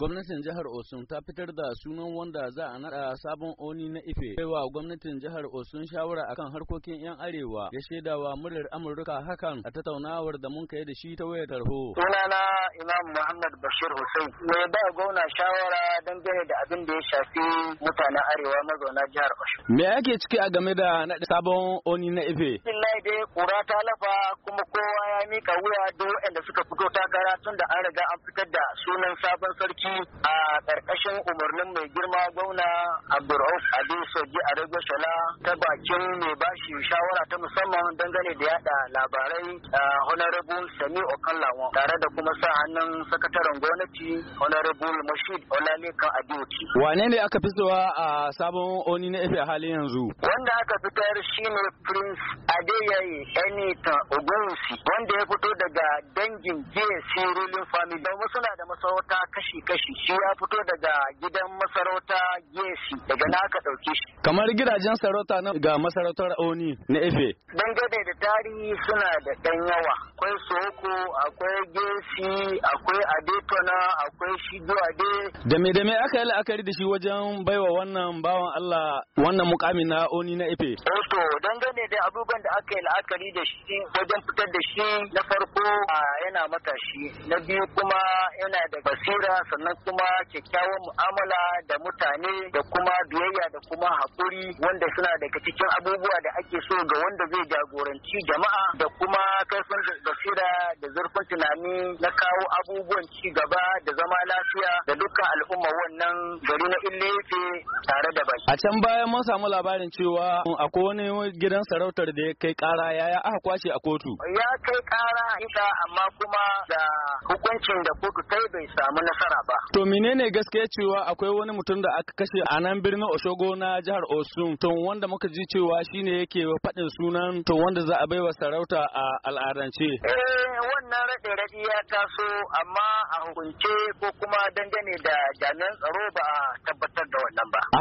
Gwamnatin jihar Osun ta fitar da sunan wanda za a naɗa sabon oni na Ife. Baiwa gwamnatin jihar Osun shawara akan harkokin 'yan arewa ya shaidawa murar Amurka hakan a tattaunawar da mun kai da shi ta wayar tarho. Sunana Imam Muhammad Bashir Hussein ne ba gwamna shawara don gane da abin da ya shafi mutanen arewa mazauna jihar Osun. Me ake ciki a game da nada sabon oni na Ife? Billahi dai kura ta lafa kuma kowa ya mika wuya duk waɗanda suka fito takara tun da an riga an fitar da sunan sabon sarki a ƙarƙashin umarnin mai girma gauna abdulrauf Ali Soji a Rage Shola ta bakin mai bashi shawara ta musamman dangane da yada labarai a Honorable Sami Okanlawo tare da kuma sa hannun sakataren gwamnati Honorable Mashid Olalekan Adeoti. Wane ne aka fitowa a sabon oni na efe hali yanzu? Wanda aka fitar shine Prince adeyayi Enita ogunsi wanda ya fito daga dangin JC ruling family. suna da masarauta kashi-kashi shi shi ya fito daga gidan masarauta gesi daga na aka ɗauki shi kamar gidajen sarauta na ga masarautar oni na efe dangane da tarihi suna da ɗan yawa akwai soko akwai gesi akwai adetona akwai shigo ade da me da me aka yi la'akari da shi wajen baiwa wannan bawan allah wannan mukamin na oni na efe eh to dangane da abubuwan da aka yi la'akari da shi wajen fitar da shi na farko a yana matashi na biyu kuma yana da basira sannan kuma kyakkyawan mu'amala da mutane da kuma biyayya da kuma haƙuri wanda suna daga cikin abubuwa da ake so ga wanda zai jagoranci jama'a da kuma kaifin basira da zurfin tunani na kawo abubuwan ci gaba da zama lafiya da dukkan al'umma wannan gari na Ilefe tare da baki. A can baya mun samu labarin cewa akwai wani gidan sarautar da ya kai kara yaya aka kwashe a kotu. Ya kai kara ita amma kuma kuma da hukuncin da kotu kai bai samu nasara ba. To menene gaskiya cewa akwai wani mutum da aka kashe a nan birnin Oshogo na jihar Osun to wanda muka ji cewa shine yake faɗin sunan to wanda za a baiwa sarauta a al'adance. Eh wannan raɗe raɗi ya taso amma a hukunce ko kuma dangane da jami'an tsaro ba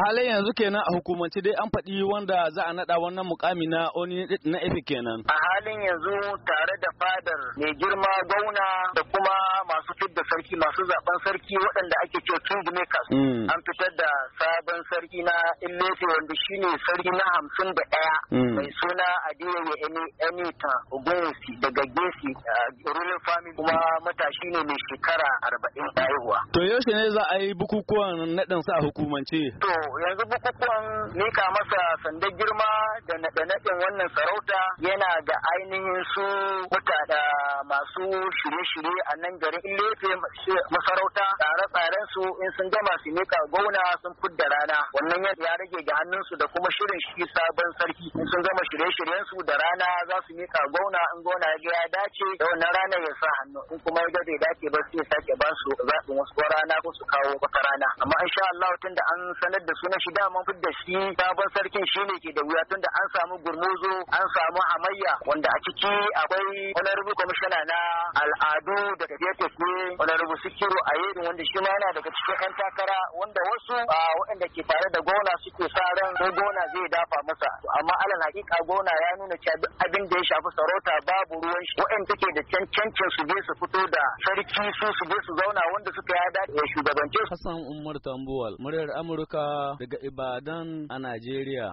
halin yanzu kenan a hukumance dai an faɗi wanda za a naɗa wannan mukami na oni na efe kenan a halin yanzu tare da fadar mai girma gauna da kuma fitar da sarki masu zaben sarki waɗanda ake ce kingmakers mm. an fitar da sabon sarki na Ilese wanda shine sarki na hamsin da ɗaya mm. mai suna Adeyeye Enita Ogunwusi daga Gesi ruling family kuma matashi ne mai shekara arba'in haihuwa. To yaushe ne za a yi bukukuwan naɗin sa hukumance? To yanzu bukukuwan mika masa sanda girma da naɗe-naɗin wannan sarauta yana da ainihin su mutane masu shirye-shirye a nan garin ile rufe masarauta tsare-tsaren su in sun gama su mika gauna sun fudda rana wannan ya rage ga hannun su da kuma shirin shi sabon sarki in sun gama shirye-shiryen su da rana za su mika gauna in gauna ya ga ya dace da wannan rana ya sa hannu in kuma ya ga bai dace ba sai sake ba su su wasu rana ko su kawo baka rana amma in sha Allah tun da an sanar da sunan shi daman fudda shi sabon sarkin shi ne ke da wuya tun da an samu gurmuzo an samu hamayya wanda a ciki akwai wani rubu na al'adu da tafiye-tafiye honorable sikiru a yerin wanda shi ma yana daga cikin yan takara wanda wasu waɗanda ke tare da gona suke sa ran ko gona zai dafa masa amma alal hakika gona ya nuna cewa duk abin da ya shafi sarauta babu ruwan shi waɗanda ke da cancancin su je su fito da sarki su su je su zauna wanda suka ya dace ya shugabance Hassan Umar Tambuwal, muryar Amurka daga Ibadan a Najeriya.